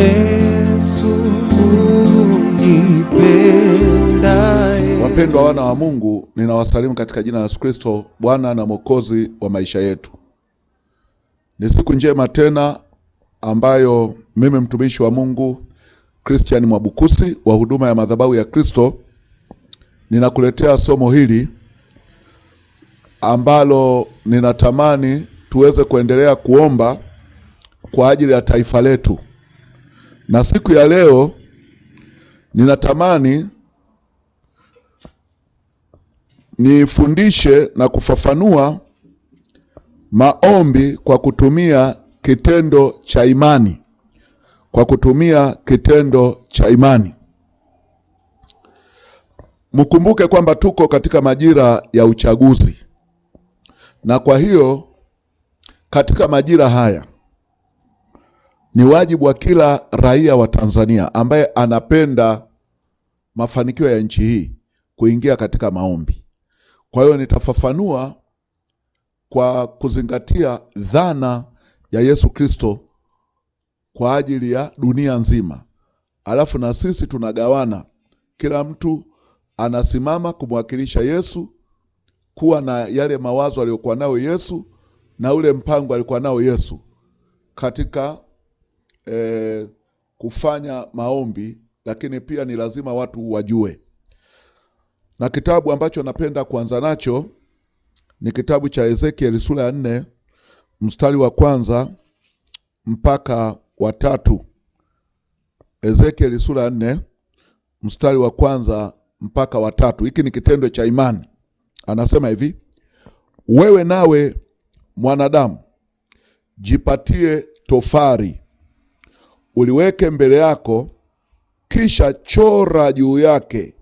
Yesu Wapendwa wana wa Mungu, ninawasalimu katika jina la Yesu Kristo, Bwana na Mwokozi wa maisha yetu. Ni siku njema tena ambayo mimi mtumishi wa Mungu Christian Mwabukusi wa huduma ya madhabahu ya Kristo ninakuletea somo hili ambalo ninatamani tuweze kuendelea kuomba kwa ajili ya taifa letu. Na siku ya leo ninatamani nifundishe na kufafanua maombi kwa kutumia kitendo cha imani, kwa kutumia kitendo cha imani. Mkumbuke kwamba tuko katika majira ya uchaguzi, na kwa hiyo katika majira haya ni wajibu wa kila raia wa Tanzania ambaye anapenda mafanikio ya nchi hii kuingia katika maombi. Kwa hiyo nitafafanua kwa kuzingatia dhana ya Yesu Kristo kwa ajili ya dunia nzima, alafu na sisi tunagawana, kila mtu anasimama kumwakilisha Yesu, kuwa na yale mawazo aliyokuwa nayo Yesu na ule mpango alikuwa nao Yesu katika e, kufanya maombi, lakini pia ni lazima watu wajue. Na kitabu ambacho napenda kuanza nacho ni kitabu cha Ezekiel sura ya nne mstari wa kwanza mpaka wa tatu. Ezekiel sura ya nne mstari wa kwanza mpaka wa tatu. Hiki ni kitendo cha imani. Anasema hivi: wewe nawe mwanadamu, jipatie tofari uliweke mbele yako, kisha chora juu yake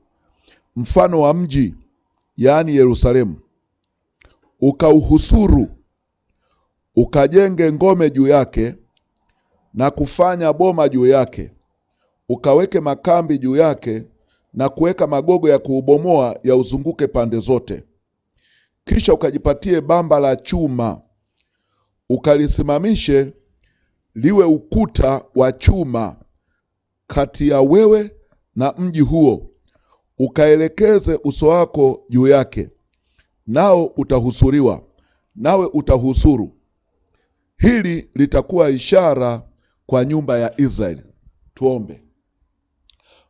mfano wa mji, yaani Yerusalemu, ukauhusuru, ukajenge ngome juu yake na kufanya boma juu yake, ukaweke makambi juu yake na kuweka magogo ya kuubomoa ya uzunguke pande zote. Kisha ukajipatie bamba la chuma ukalisimamishe liwe ukuta wa chuma kati ya wewe na mji huo, ukaelekeze uso wako juu yake, nao utahusuriwa, nawe utahusuru. Hili litakuwa ishara kwa nyumba ya Israeli. Tuombe.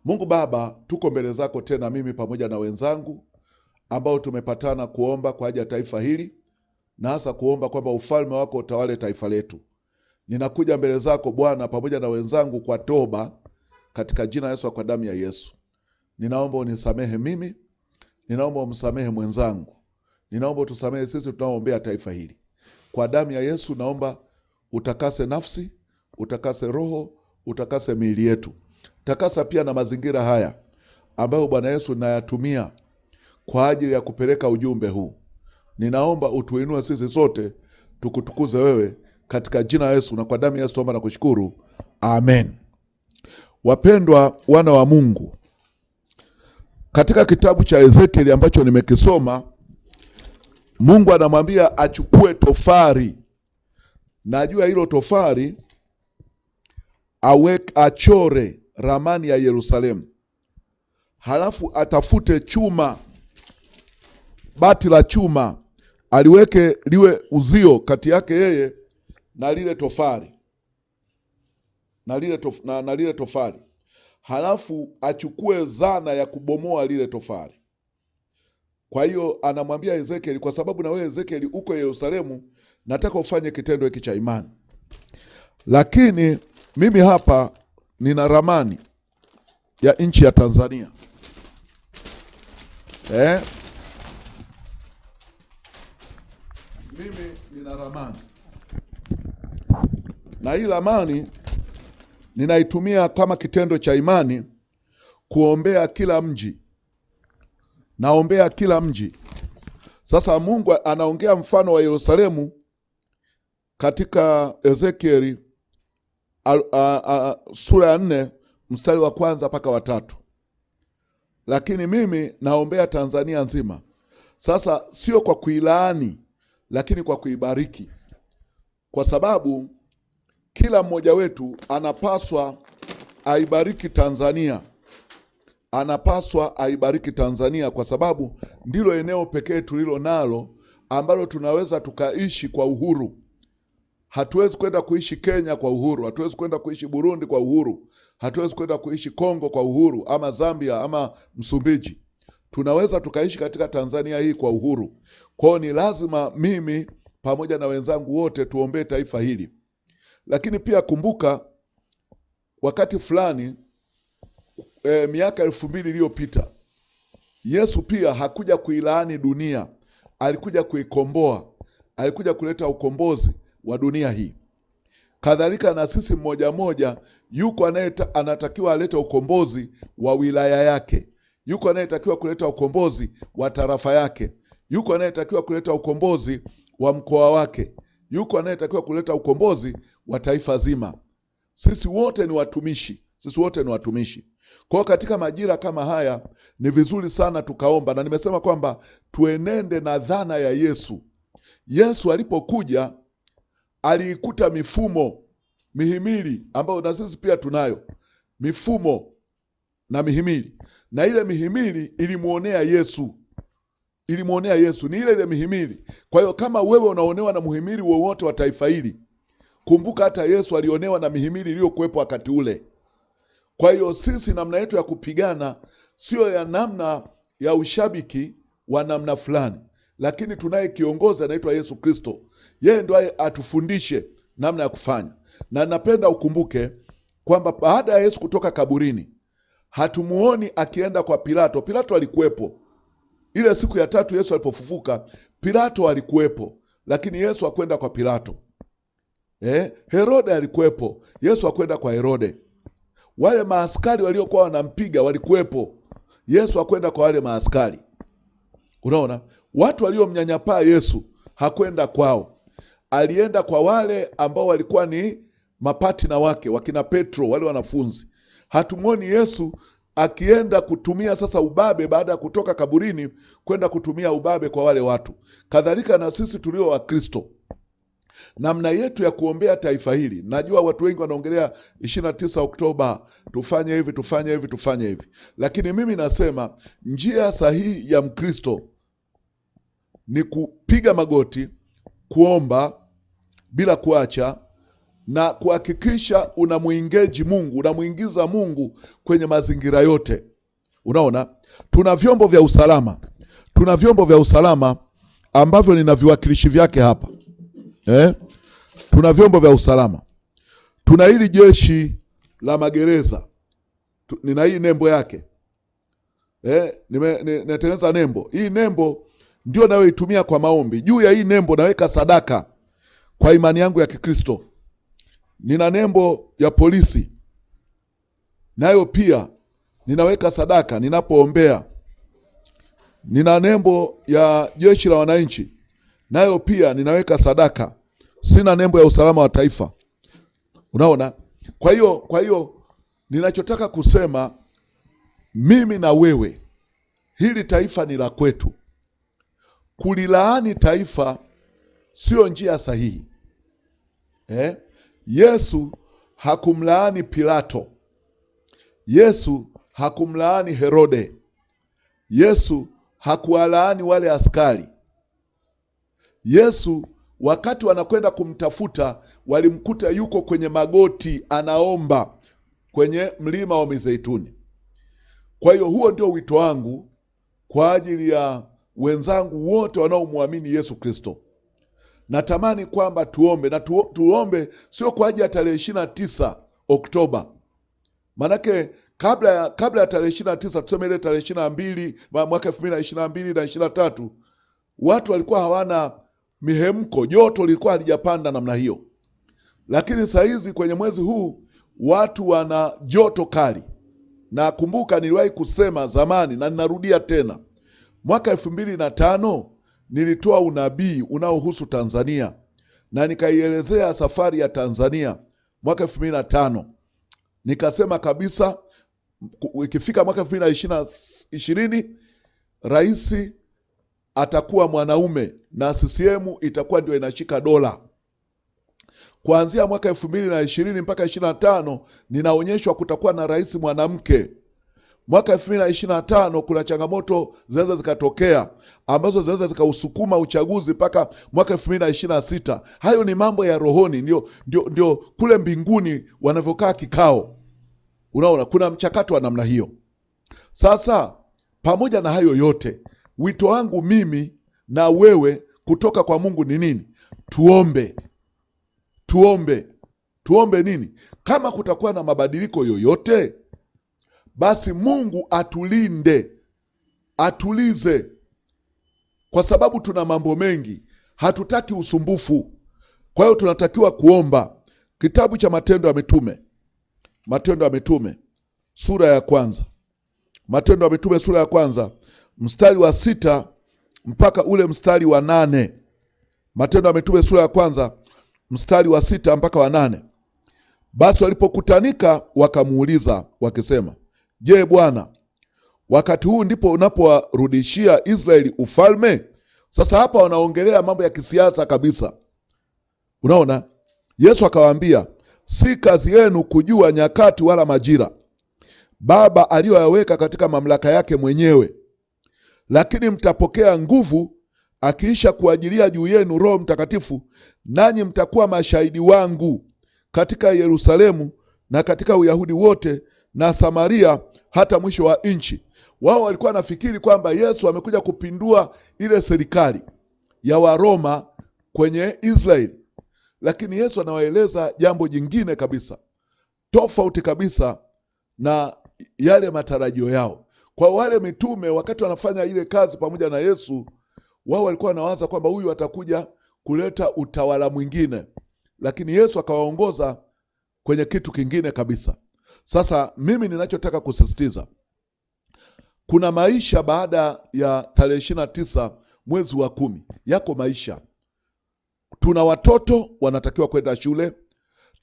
Mungu Baba, tuko mbele zako tena, mimi pamoja na wenzangu ambao tumepatana kuomba kwa ajili ya taifa hili na hasa kuomba kwamba ufalme wako utawale taifa letu. Ninakuja mbele zako Bwana pamoja na wenzangu kwa toba katika jina Yesu, kwa damu ya Yesu. Ninaomba unisamehe mimi, ninaomba umsamehe mwenzangu, ninaomba utusamehe sisi tunaoombea taifa hili. Kwa damu ya Yesu naomba utakase nafsi, utakase roho, utakase miili yetu, takasa pia na mazingira haya ambayo Bwana Yesu nayatumia kwa ajili ya kupeleka ujumbe huu. Ninaomba utuinue sisi sote, tukutukuze wewe katika jina la Yesu na kwa damu ya Yesu tuomba na kushukuru, amen. Wapendwa wana wa Mungu, katika kitabu cha Ezekieli ambacho nimekisoma, Mungu anamwambia achukue tofari, najua hilo tofari aweke, achore ramani ya Yerusalemu, halafu atafute chuma, bati la chuma aliweke liwe uzio kati yake yeye na lile tofali na lile tof, na, na lile tofali halafu achukue zana ya kubomoa lile tofali. Kwa hiyo anamwambia Ezekieli, kwa sababu na wewe Ezekieli uko Yerusalemu, nataka ufanye kitendo hiki cha imani. Lakini mimi hapa nina ramani ya nchi ya Tanzania eh? Mimi nina ramani na hii ramani ninaitumia kama kitendo cha imani kuombea kila mji, naombea kila mji. Sasa Mungu anaongea mfano wa Yerusalemu katika Ezekieli sura ya nne mstari wa kwanza mpaka watatu, lakini mimi naombea Tanzania nzima. Sasa sio kwa kuilaani, lakini kwa kuibariki, kwa sababu kila mmoja wetu anapaswa aibariki Tanzania, anapaswa aibariki Tanzania kwa sababu ndilo eneo pekee tulilo nalo ambalo tunaweza tukaishi kwa uhuru. Hatuwezi kwenda kuishi Kenya kwa uhuru, hatuwezi kwenda kuishi Burundi kwa uhuru, hatuwezi kwenda kuishi Kongo kwa uhuru, ama Zambia ama Msumbiji. Tunaweza tukaishi katika Tanzania hii kwa uhuru. Kwao ni lazima mimi pamoja na wenzangu wote tuombee taifa hili. Lakini pia kumbuka, wakati fulani e, miaka elfu mbili iliyopita Yesu pia hakuja kuilaani dunia, alikuja kuikomboa, alikuja kuleta ukombozi wa dunia hii. Kadhalika na sisi mmoja mmoja, yuko anatakiwa alete ukombozi wa wilaya yake, yuko anayetakiwa kuleta ukombozi wa tarafa yake, yuko anayetakiwa kuleta ukombozi wa mkoa wake, yuko anayetakiwa kuleta ukombozi wa taifa zima. Sisi wote ni watumishi, sisi wote ni watumishi. Kwa katika majira kama haya ni vizuri sana tukaomba, na nimesema kwamba tuenende na dhana ya Yesu. Yesu alipokuja aliikuta mifumo mihimili ambayo na sisi pia tunayo mifumo na mihimili, na ile mihimili ilimuonea Yesu ilimwonea Yesu, ni ile ile mihimili. Kwa hiyo kama wewe unaonewa na mhimili wowote wa taifa hili, kumbuka hata Yesu alionewa na mihimili iliyokuwepo wakati ule. Kwa hiyo sisi namna yetu ya kupigana siyo ya namna ya ushabiki wa namna fulani, lakini tunaye kiongozi anaitwa Yesu Kristo. Yeye ndo atufundishe namna ya kufanya, na napenda ukumbuke kwamba baada ya Yesu kutoka kaburini hatumuoni akienda kwa Pilato. Pilato alikuwepo, ile siku ya tatu Yesu alipofufuka, Pilato alikuwepo, lakini Yesu hakwenda kwa Pilato. Eh, Herode alikuwepo, Yesu hakwenda kwa Herode. Wale maaskari waliokuwa wanampiga walikuwepo, Yesu hakwenda kwa wale maaskari. Unaona, watu waliomnyanyapaa Yesu hakwenda kwao, alienda kwa wale ambao walikuwa ni mapatina wake, wakina Petro, wale wanafunzi. Hatumwoni Yesu akienda kutumia sasa ubabe baada ya kutoka kaburini kwenda kutumia ubabe kwa wale watu. Kadhalika na sisi tulio Wakristo, namna yetu ya kuombea taifa hili. Najua watu wengi wanaongelea 29 Oktoba, tufanye hivi tufanye hivi tufanye hivi, lakini mimi nasema njia sahihi ya Mkristo ni kupiga magoti, kuomba bila kuacha na kuhakikisha unamwingeji Mungu, unamwingiza Mungu kwenye mazingira yote. Unaona, tuna vyombo vya usalama, tuna vyombo vya usalama ambavyo nina viwakilishi vyake hapa eh? Tuna vyombo vya usalama, tuna hili jeshi la magereza, nina hii nembo yake eh? Nimetengeneza nembo hii, nembo ndio nayoitumia kwa maombi. Juu ya hii nembo naweka sadaka kwa imani yangu ya Kikristo nina nembo ya polisi, nayo pia ninaweka sadaka ninapoombea. Nina nembo ya jeshi la wananchi, nayo pia ninaweka sadaka. Sina nembo ya usalama wa taifa. Unaona? Kwa hiyo kwa hiyo ninachotaka kusema mimi na wewe, hili taifa ni la kwetu. Kulilaani taifa sio njia sahihi eh? Yesu hakumlaani Pilato. Yesu hakumlaani Herode. Yesu hakuwalaani wale askari. Yesu wakati wanakwenda kumtafuta walimkuta yuko kwenye magoti anaomba kwenye mlima wa Mizeituni. Kwa hiyo huo ndio wito wangu kwa ajili ya wenzangu wote wanaomwamini Yesu Kristo natamani kwamba tuombe na tu, tuombe sio kwa ajili ya tarehe ishirini na tisa Oktoba, manake kabla ya kabla ya tarehe ishirini na tisa tuseme ile tarehe ishirini na mbili mwaka elfu mbili na ishirini na mbili na ishirini na tatu watu walikuwa hawana mihemko, joto lilikuwa halijapanda namna hiyo, lakini saa hizi kwenye mwezi huu watu wana joto kali. Na kumbuka niliwahi kusema zamani na ninarudia tena, mwaka elfu mbili na tano nilitoa unabii unaohusu Tanzania na nikaielezea safari ya Tanzania mwaka 2005 nikasema kabisa ikifika mwaka 2020 rais atakuwa mwanaume na CCM itakuwa ndio inashika dola. Kuanzia mwaka 2020 mpaka 25 ninaonyeshwa kutakuwa na rais mwanamke mwaka 2025 kuna changamoto zinaweza zikatokea ambazo zinaweza zikausukuma uchaguzi mpaka mwaka 2026. Hayo ni mambo ya rohoni, ndio, ndio, ndio kule mbinguni wanavyokaa kikao. Unaona, kuna mchakato wa namna hiyo. Sasa pamoja na hayo yote, wito wangu mimi na wewe kutoka kwa Mungu ni nini? Tuombe, tuombe, tuombe nini? Kama kutakuwa na mabadiliko yoyote basi Mungu atulinde, atulize, kwa sababu tuna mambo mengi, hatutaki usumbufu. Kwa hiyo tunatakiwa kuomba. Kitabu cha Matendo ya Mitume, Matendo ya Mitume sura ya kwanza, Matendo ya Mitume sura ya kwanza mstari wa sita mpaka ule mstari wa nane. Matendo ya Mitume sura ya kwanza mstari wa sita mpaka wa nane. Basi walipokutanika wakamuuliza wakisema Je, Bwana, wakati huu ndipo unapowarudishia Israeli ufalme? Sasa hapa wanaongelea mambo ya kisiasa kabisa. Unaona, Yesu akawaambia, si kazi yenu kujua nyakati wala majira Baba aliyoyaweka katika mamlaka yake mwenyewe, lakini mtapokea nguvu akiisha kuajilia juu yenu Roho Mtakatifu, nanyi mtakuwa mashahidi wangu katika Yerusalemu na katika Uyahudi wote na Samaria hata mwisho wa nchi. Wao walikuwa nafikiri kwamba Yesu amekuja kupindua ile serikali ya Waroma kwenye Israeli, lakini Yesu anawaeleza jambo jingine kabisa, tofauti kabisa na yale matarajio yao. Kwa wale mitume, wakati wanafanya ile kazi pamoja na Yesu, wao walikuwa wanawaza kwamba huyu atakuja kuleta utawala mwingine, lakini Yesu akawaongoza kwenye kitu kingine kabisa. Sasa mimi ninachotaka kusisitiza, kuna maisha baada ya tarehe ishirini na tisa mwezi wa kumi. Yako maisha, tuna watoto wanatakiwa kwenda shule,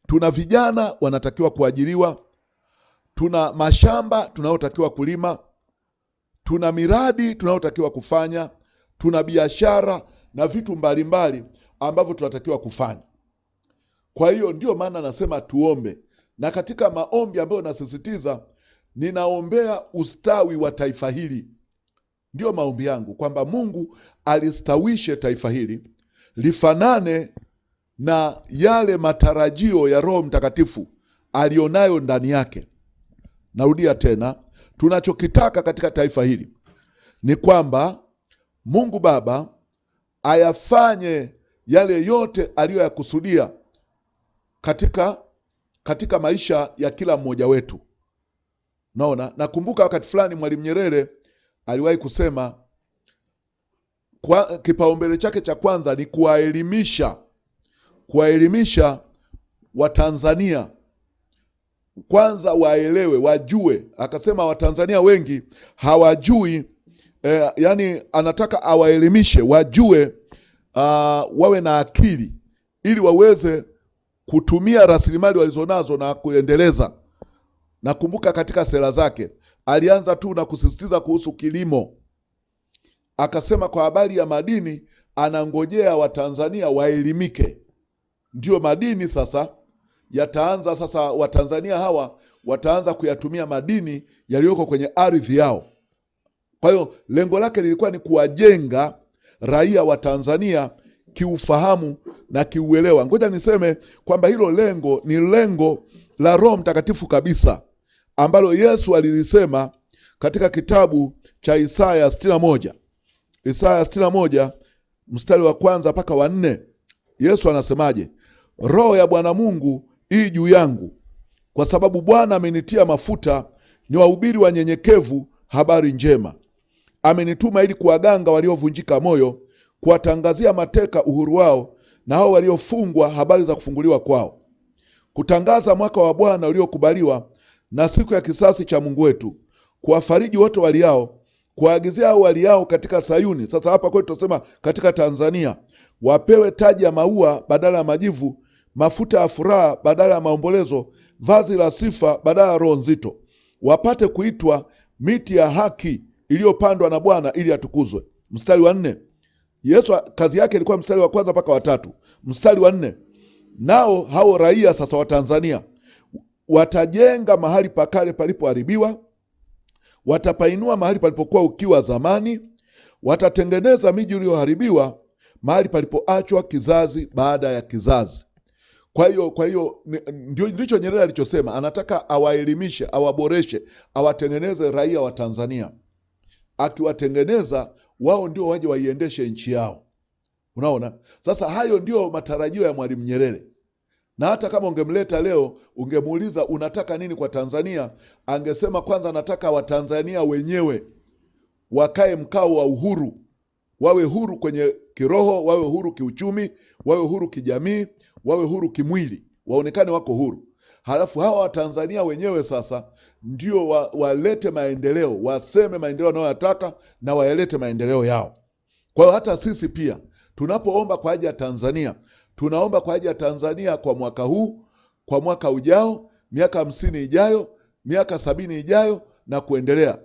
tuna vijana wanatakiwa kuajiriwa, tuna mashamba tunayotakiwa kulima, tuna miradi tunayotakiwa kufanya, tuna biashara na vitu mbalimbali ambavyo tunatakiwa kufanya. Kwa hiyo ndio maana nasema tuombe na katika maombi ambayo nasisitiza, ninaombea ustawi wa taifa hili. Ndiyo maombi yangu kwamba Mungu alistawishe taifa hili lifanane na yale matarajio ya Roho Mtakatifu alionayo ndani yake. Narudia tena, tunachokitaka katika taifa hili ni kwamba Mungu Baba ayafanye yale yote aliyoyakusudia katika katika maisha ya kila mmoja wetu. Naona nakumbuka wakati fulani Mwalimu Nyerere aliwahi kusema kwa kipaumbele chake cha kwanza ni kuwaelimisha, kuwaelimisha Watanzania kwanza waelewe, wajue. Akasema Watanzania wengi hawajui eh, yani anataka awaelimishe wajue, uh, wawe na akili ili waweze kutumia rasilimali walizonazo na kuendeleza. Nakumbuka katika sera zake alianza tu na kusisitiza kuhusu kilimo, akasema kwa habari ya madini anangojea Watanzania waelimike. Ndiyo madini sasa yataanza sasa, Watanzania hawa wataanza kuyatumia madini yaliyoko kwenye ardhi yao. Kwa hiyo lengo lake lilikuwa ni kuwajenga raia wa Tanzania kiufahamu kiuelewa. Ngoja niseme kwamba hilo lengo ni lengo la Roho Mtakatifu kabisa ambalo Yesu alilisema katika kitabu cha Isaya 61. Isaya 61 mstari wa kwanza mpaka wa nne. Yesu anasemaje? Roho ya Bwana Mungu ii juu yangu, kwa sababu Bwana amenitia mafuta ni wahubiri wanyenyekevu habari njema. Amenituma ili kuwaganga waliovunjika moyo, kuwatangazia mateka uhuru wao na hao waliofungwa habari za kufunguliwa kwao, kutangaza mwaka wa Bwana uliokubaliwa na siku ya kisasi cha Mungu wetu, kuwafariji wote waliao, kuwaagizia hao waliao katika Sayuni. Sasa hapa kwetu tunasema katika Tanzania, wapewe taji ya maua badala ya majivu, mafuta ya furaha badala ya maombolezo, vazi la sifa badala ya roho nzito, wapate kuitwa miti ya haki iliyopandwa na Bwana ili atukuzwe. Mstari wa nne. Yesu kazi yake ilikuwa mstari wa kwanza mpaka watatu. Mstari wa nne, nao hao raia sasa wa Tanzania watajenga mahali pakale palipoharibiwa, watapainua mahali palipokuwa ukiwa zamani, watatengeneza miji iliyoharibiwa, mahali palipoachwa kizazi baada ya kizazi. Kwa hiyo kwa hiyo ndicho Nyerere alichosema, anataka awaelimishe, awaboreshe, awatengeneze raia wa Tanzania. Akiwatengeneza wao ndio waje waiendeshe nchi yao. Unaona, sasa hayo ndio matarajio ya Mwalimu Nyerere, na hata kama ungemleta leo, ungemuuliza unataka nini kwa Tanzania, angesema kwanza, nataka Watanzania wenyewe wakae mkao wa uhuru, wawe huru kwenye kiroho, wawe huru kiuchumi, wawe huru kijamii, wawe huru kimwili, waonekane wako huru halafu hawa Watanzania wenyewe sasa ndio wa, walete maendeleo, waseme maendeleo wanayoyataka na waelete maendeleo yao. Kwa hiyo hata sisi pia tunapoomba kwa ajili ya Tanzania, tunaomba kwa ajili ya Tanzania kwa mwaka huu, kwa mwaka ujao, miaka hamsini ijayo, miaka sabini ijayo na kuendelea.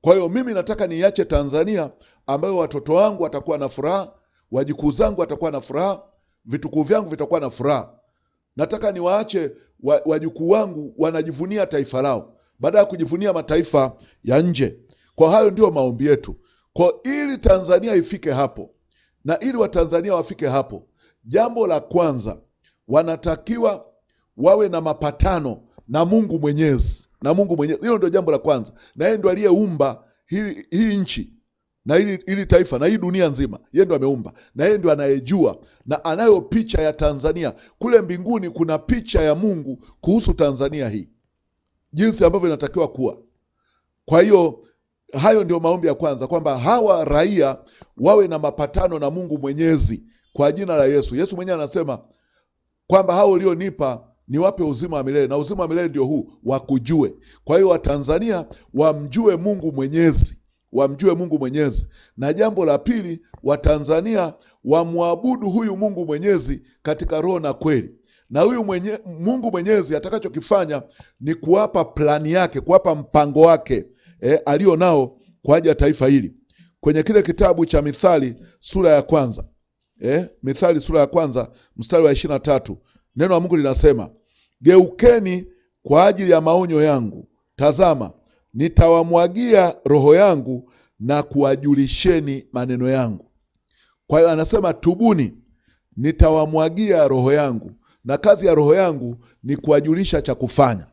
Kwa hiyo mimi nataka niache Tanzania ambayo watoto wangu watakuwa na furaha, wajukuu zangu watakuwa na furaha, vitukuu vyangu vitakuwa na furaha nataka niwaache wajukuu wangu wanajivunia taifa lao baada ya kujivunia mataifa ya nje. Kwa hayo ndio maombi yetu, kwa ili Tanzania ifike hapo na ili Watanzania wafike hapo, jambo la kwanza wanatakiwa wawe na mapatano na Mungu Mwenyezi, na Mungu Mwenyezi. Hilo ndio jambo la kwanza, na yeye ndo aliyeumba hii, hii nchi na ili, ili taifa na hii dunia nzima. Yeye ndo ameumba na yeye ndo anayejua na anayo picha ya Tanzania. Kule mbinguni kuna picha ya Mungu kuhusu Tanzania hii, jinsi ambavyo inatakiwa kuwa. Kwa hiyo hayo ndio maombi ya kwanza, kwamba hawa raia wawe na mapatano na Mungu Mwenyezi kwa jina la Yesu. Yesu mwenyewe anasema kwamba hao ulionipa niwape uzima wa milele, na uzima wa milele ndio huu wakujue. Kwa hiyo Watanzania wamjue Mungu Mwenyezi wamjue Mungu Mwenyezi, na jambo la pili, Watanzania wamwabudu huyu Mungu Mwenyezi katika roho na kweli. Na huyu mwenye, Mungu Mwenyezi atakachokifanya ni kuwapa plani yake, kuwapa mpango wake e, alio nao kwa ajili ya taifa hili kwenye kile kitabu cha Mithali sura ya kwanza e, Mithali sura ya kwanza mstari wa ishirini na tatu neno la Mungu linasema, geukeni kwa ajili ya maonyo yangu, tazama nitawamwagia roho yangu na kuwajulisheni maneno yangu. Kwa hiyo anasema tubuni, nitawamwagia roho yangu, na kazi ya roho yangu ni kuwajulisha cha kufanya.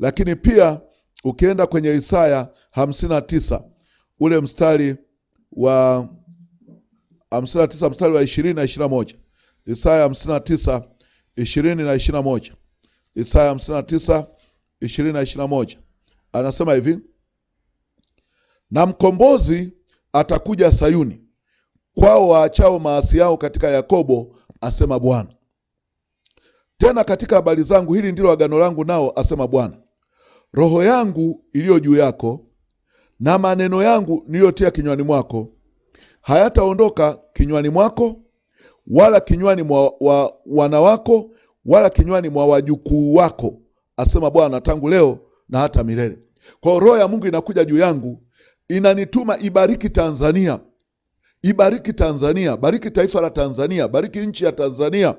Lakini pia ukienda kwenye Isaya 59 ule mstari wa 59 mstari wa 20 na 21, Isaya 59 20 na 21, Isaya 59 20 na 21 anasema hivi, na mkombozi atakuja Sayuni, kwao waachao maasi yao katika Yakobo, asema Bwana. Tena katika habari zangu, hili ndilo agano langu nao, asema Bwana, roho yangu iliyo juu yako na maneno yangu niliyotia kinywani mwako hayataondoka kinywani mwako wala kinywani mwa wa, wanawako wala kinywani mwa wajukuu wako, asema Bwana, tangu leo na hata milele. Kwa roho ya Mungu inakuja juu yangu, inanituma ibariki Tanzania, ibariki Tanzania, bariki taifa la Tanzania, bariki nchi ya Tanzania.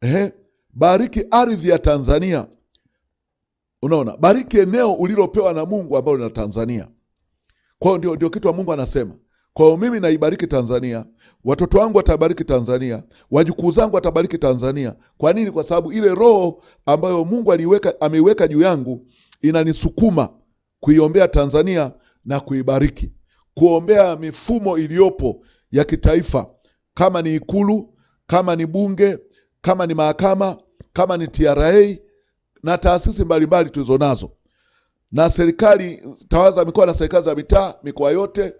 Ehe, bariki ardhi ya Tanzania. Unaona, bariki eneo ulilopewa na Mungu ambalo ni Tanzania. Kwa hiyo ndio, ndio kitu wa Mungu anasema kwa hiyo mimi naibariki Tanzania, watoto wangu watabariki Tanzania, wajukuu zangu watabariki Tanzania. Kwa nini? Kwa sababu ile roho ambayo Mungu aliweka, ameiweka juu yangu inanisukuma kuiombea Tanzania na kuibariki, kuombea mifumo iliyopo ya kitaifa, kama ni Ikulu, kama ni Bunge, kama ni mahakama, kama ni TRA na taasisi mbalimbali tulizonazo, na serikali, tawala za mikoa na serikali za mitaa, mikoa yote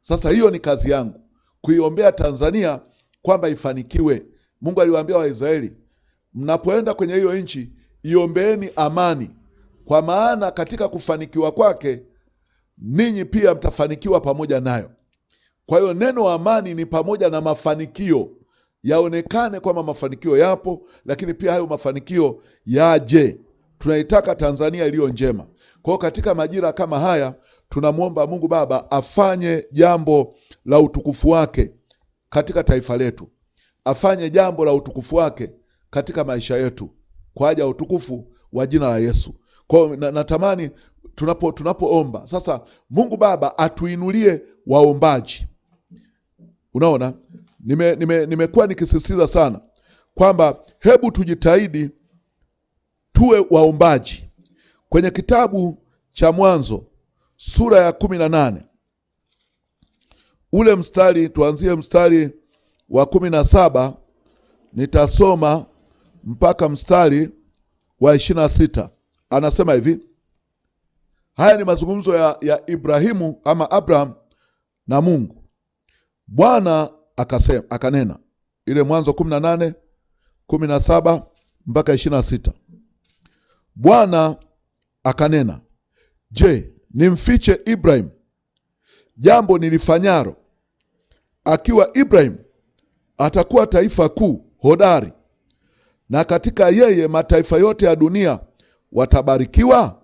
sasa hiyo ni kazi yangu, kuiombea Tanzania kwamba ifanikiwe. Mungu aliwaambia Waisraeli, mnapoenda kwenye hiyo nchi iombeeni amani, kwa maana katika kufanikiwa kwake ninyi pia mtafanikiwa pamoja nayo. Kwa hiyo neno amani ni pamoja na mafanikio, yaonekane kwamba mafanikio yapo, lakini pia hayo mafanikio yaje. Tunaitaka Tanzania iliyo njema. Kwa hiyo katika majira kama haya tunamwomba Mungu Baba afanye jambo la utukufu wake katika taifa letu, afanye jambo la utukufu wake katika maisha yetu kwa ajili ya utukufu wa jina la Yesu. Kwa hiyo natamani tunapo tunapoomba sasa, Mungu Baba atuinulie waombaji. Unaona, nimekuwa nime, nime nikisisitiza sana kwamba hebu tujitahidi tuwe waombaji. Kwenye kitabu cha Mwanzo sura ya kumi na nane ule mstari, tuanzie mstari wa kumi na saba nitasoma mpaka mstari wa ishirini na sita Anasema hivi, haya ni mazungumzo ya, ya Ibrahimu ama Abraham na Mungu. Bwana akasema, akanena, ile Mwanzo kumi na nane kumi na saba mpaka ishirini na sita Bwana akanena, je, nimfiche Ibrahim jambo nilifanyaro, akiwa Ibrahim atakuwa taifa kuu hodari, na katika yeye mataifa yote ya dunia watabarikiwa.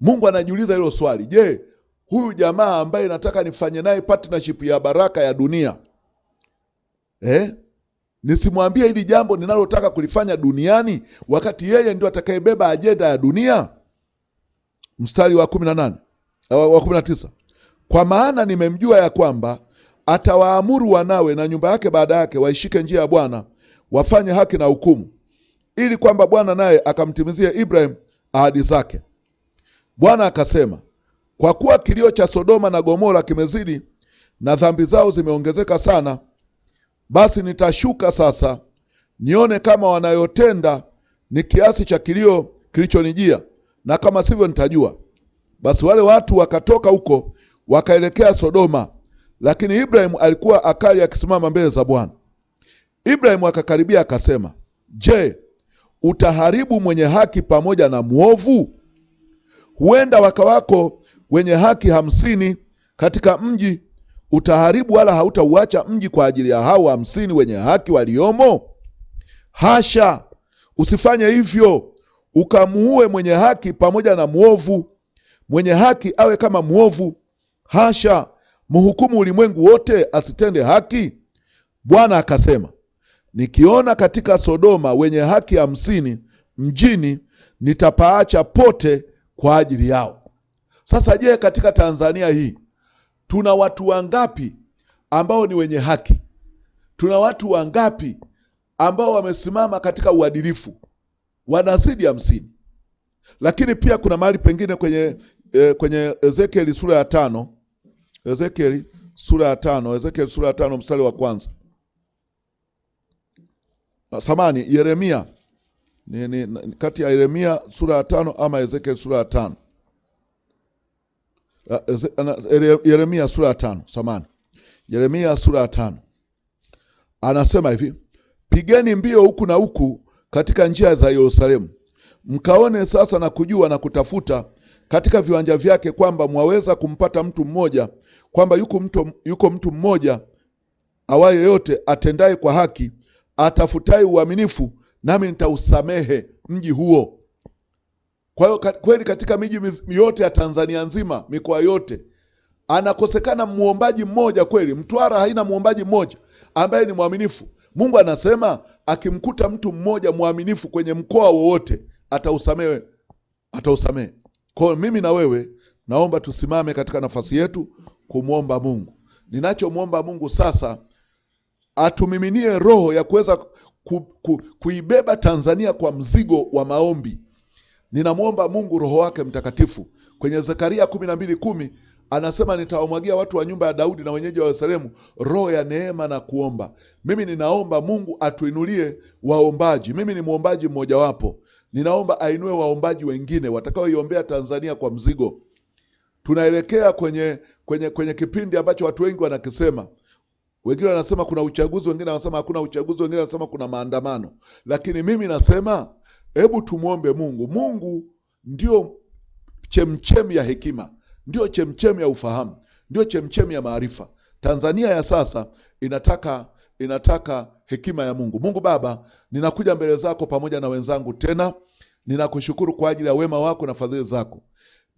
Mungu anajiuliza hilo swali. Je, huyu jamaa ambaye nataka nifanye naye partnership ya baraka ya dunia eh? Nisimwambie hili jambo ninalotaka kulifanya duniani wakati yeye ndio atakayebeba ajenda ya dunia mstari wa kumi na nane eh, wa kumi na tisa kwa maana nimemjua ya kwamba atawaamuru wanawe na nyumba yake baada yake waishike njia ya Bwana wafanye haki na hukumu, ili kwamba Bwana naye akamtimizie Ibrahim ahadi zake. Bwana akasema, kwa kuwa kilio cha Sodoma na Gomora kimezidi na dhambi zao zimeongezeka sana, basi nitashuka sasa nione kama wanayotenda ni kiasi cha kilio kilichonijia, na kama sivyo nitajua. Basi wale watu wakatoka huko wakaelekea Sodoma, lakini Ibrahimu alikuwa akali akisimama mbele za Bwana. Ibrahimu akakaribia akasema, je, utaharibu mwenye haki pamoja na mwovu? Huenda wakawako wenye haki hamsini katika mji, utaharibu wala hautauacha mji kwa ajili ya hao hamsini wenye haki waliomo? Hasha, usifanye hivyo ukamuue mwenye haki pamoja na mwovu, mwenye haki awe kama mwovu? Hasha! Mhukumu ulimwengu wote asitende haki? Bwana akasema, nikiona katika Sodoma wenye haki hamsini mjini, nitapaacha pote kwa ajili yao. Sasa je, katika Tanzania hii tuna watu wangapi ambao ni wenye haki? Tuna watu wangapi ambao wamesimama katika uadilifu? wanazidi hamsini, lakini pia kuna mahali pengine kwenye, e, kwenye Ezekieli sura ya tano Ezekieli sura ya tano Ezekieli sura ya tano mstari wa kwanza ah, samani Yeremia ni, ni, kati ya Yeremia sura ya tano ama Ezekieli sura ya tano ah, Yeremia sura ya tano samani Yeremia sura ya tano anasema hivi, pigeni mbio huku na huku katika njia za Yerusalemu, mkaone sasa na kujua na kutafuta katika viwanja vyake, kwamba mwaweza kumpata mtu mmoja, kwamba yuko mtu, yuko mtu mmoja awaye yote, atendaye kwa haki, atafutaye uaminifu, nami nitausamehe mji huo. Kwa hiyo kweli katika miji yote ya Tanzania nzima, mikoa yote anakosekana muombaji mmoja kweli. Mtwara haina muombaji mmoja ambaye ni mwaminifu. Mungu anasema akimkuta mtu mmoja mwaminifu kwenye mkoa wowote atausamehe, atausamehe. Kwa hiyo mimi na wewe naomba tusimame katika nafasi yetu kumwomba Mungu. Ninachomwomba Mungu sasa atumiminie roho ya kuweza ku, ku, kuibeba Tanzania kwa mzigo wa maombi. Ninamwomba Mungu Roho wake Mtakatifu kwenye Zekaria kumi na mbili kumi anasema nitawamwagia watu wa nyumba ya Daudi na wenyeji wa Yerusalemu roho ya neema na kuomba. Mimi ninaomba Mungu atuinulie waombaji. Mimi ni mwombaji mmojawapo, ninaomba ainue waombaji wengine watakaoiombea Tanzania kwa mzigo. Tunaelekea kwenye, kwenye, kwenye kipindi ambacho watu wengi wanakisema wengine wanasema kuna uchaguzi, wengine wanasema hakuna uchaguzi, wengine wanasema kuna maandamano, lakini mimi nasema hebu tumwombe Mungu. Mungu ndio chemchemi ya hekima ndio chemchemi ya ufahamu, ndio chemchemi ya maarifa. Tanzania ya sasa inataka inataka hekima ya Mungu. Mungu Baba, ninakuja mbele zako pamoja na wenzangu tena, ninakushukuru kwa ajili ya wema wako na fadhili zako.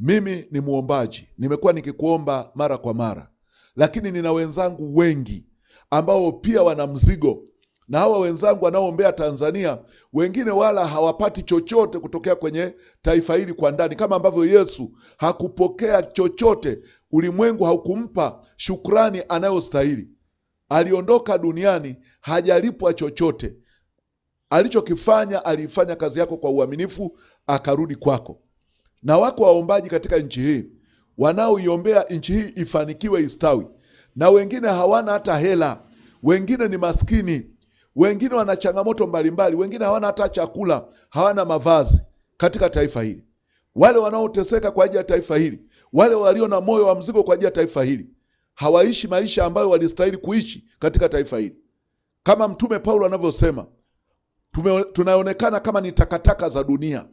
Mimi ni muombaji, nimekuwa nikikuomba mara kwa mara, lakini nina wenzangu wengi ambao pia wana mzigo na hawa wenzangu wanaoombea Tanzania wengine wala hawapati chochote kutokea kwenye taifa hili kwa ndani, kama ambavyo Yesu hakupokea chochote, ulimwengu haukumpa shukrani anayostahili. Aliondoka duniani hajalipwa chochote. Alichokifanya, aliifanya kazi yako kwa uaminifu, akarudi kwako. Na wako waombaji katika nchi hii wanaoiombea nchi hii ifanikiwe, istawi, na wengine hawana hata hela, wengine ni maskini wengine wana changamoto mbalimbali, wengine hawana hata chakula, hawana mavazi katika taifa hili, wale wanaoteseka kwa ajili ya taifa hili, wale walio na moyo wa mzigo kwa ajili ya taifa hili, hawaishi maisha ambayo walistahili kuishi katika taifa hili. Kama Mtume Paulo anavyosema, tunaonekana kama ni takataka za dunia.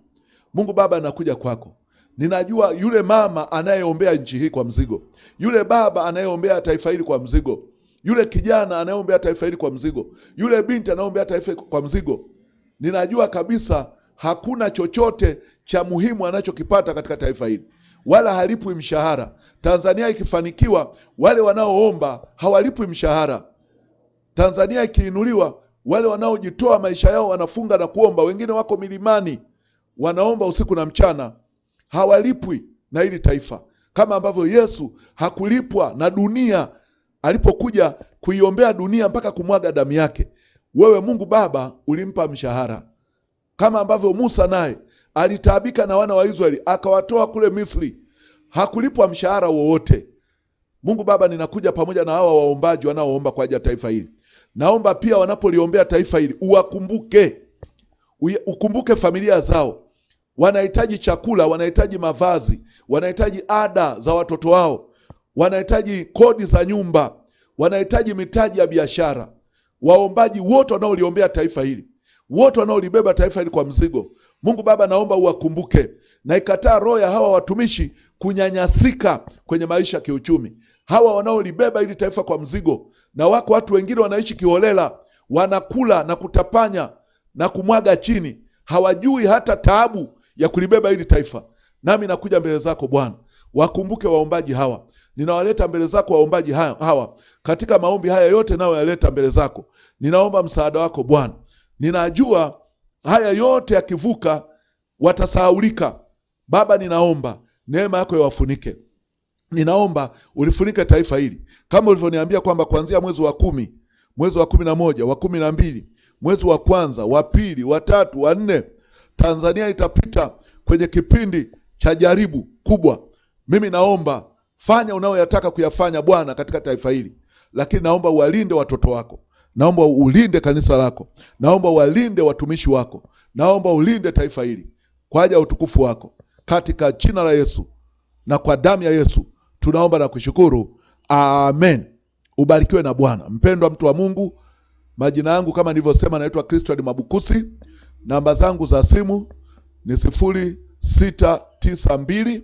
Mungu Baba, anakuja kwako Ninajua yule mama anayeombea nchi hii kwa mzigo, yule baba anayeombea taifa hili kwa mzigo, yule kijana anayeombea taifa hili kwa mzigo, yule binti anayeombea taifa kwa mzigo, ninajua kabisa hakuna chochote cha muhimu anachokipata katika taifa hili, wala halipwi mshahara. Tanzania ikifanikiwa, wale wanaoomba hawalipwi mshahara. Tanzania ikiinuliwa, wale wanaojitoa maisha yao wanafunga na kuomba, wengine wako milimani wanaomba usiku na mchana, hawalipwi na hili taifa, kama ambavyo Yesu hakulipwa na dunia alipokuja kuiombea dunia mpaka kumwaga damu yake, wewe Mungu Baba ulimpa mshahara, kama ambavyo Musa naye alitaabika na wana wa Israeli akawatoa kule Misri, hakulipwa mshahara wowote. Mungu Baba, ninakuja pamoja na hawa waombaji wanaoomba kwa ajili ya taifa hili. Naomba pia wanapoliombea taifa hili uwakumbuke, ukumbuke familia zao. Wanahitaji chakula, wanahitaji mavazi, wanahitaji ada za watoto wao wanahitaji kodi za nyumba, wanahitaji mitaji ya biashara. Waombaji wote wanaoliombea taifa hili, wote wanaolibeba taifa hili kwa mzigo, Mungu Baba, naomba uwakumbuke na ikataa roho ya hawa watumishi kunyanyasika kwenye maisha ya kiuchumi, hawa wanaolibeba hili taifa kwa mzigo. Na wako watu wengine wanaishi kiholela, wanakula na kutapanya na kumwaga chini, hawajui hata taabu ya kulibeba hili taifa. Nami nakuja mbele zako Bwana Wakumbuke waombaji hawa, ninawaleta mbele zako waombaji hawa, katika maombi haya yote nayo yaleta mbele zako. Ninaomba msaada wako Bwana, ninajua haya yote yakivuka watasahaulika. Baba, ninaomba neema yako iwafunike ninaomba ulifunike taifa hili kama ulivyoniambia kwamba kuanzia mwezi wa kumi, mwezi wa kumi na moja, wa kumi na mbili, mwezi wa kwanza, wa pili, wa tatu, wa nne, Tanzania itapita kwenye kipindi cha jaribu kubwa. Mimi naomba fanya unayoyataka kuyafanya Bwana katika taifa hili, lakini naomba uwalinde watoto wako, naomba ulinde kanisa lako, naomba uwalinde watumishi wako, naomba ulinde taifa hili kwa ajili ya utukufu wako, katika jina la Yesu na kwa damu ya Yesu tunaomba na kushukuru, amen. Ubarikiwe na Bwana. Mpendwa mtu wa Mungu, majina yangu kama nilivyosema, naitwa Christian Mabukusi. Namba zangu za simu ni sifuri sita tisa mbili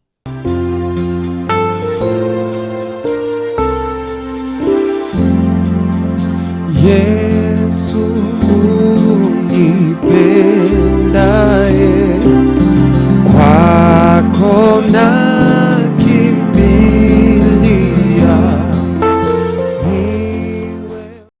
Yesu unipendaye kwako na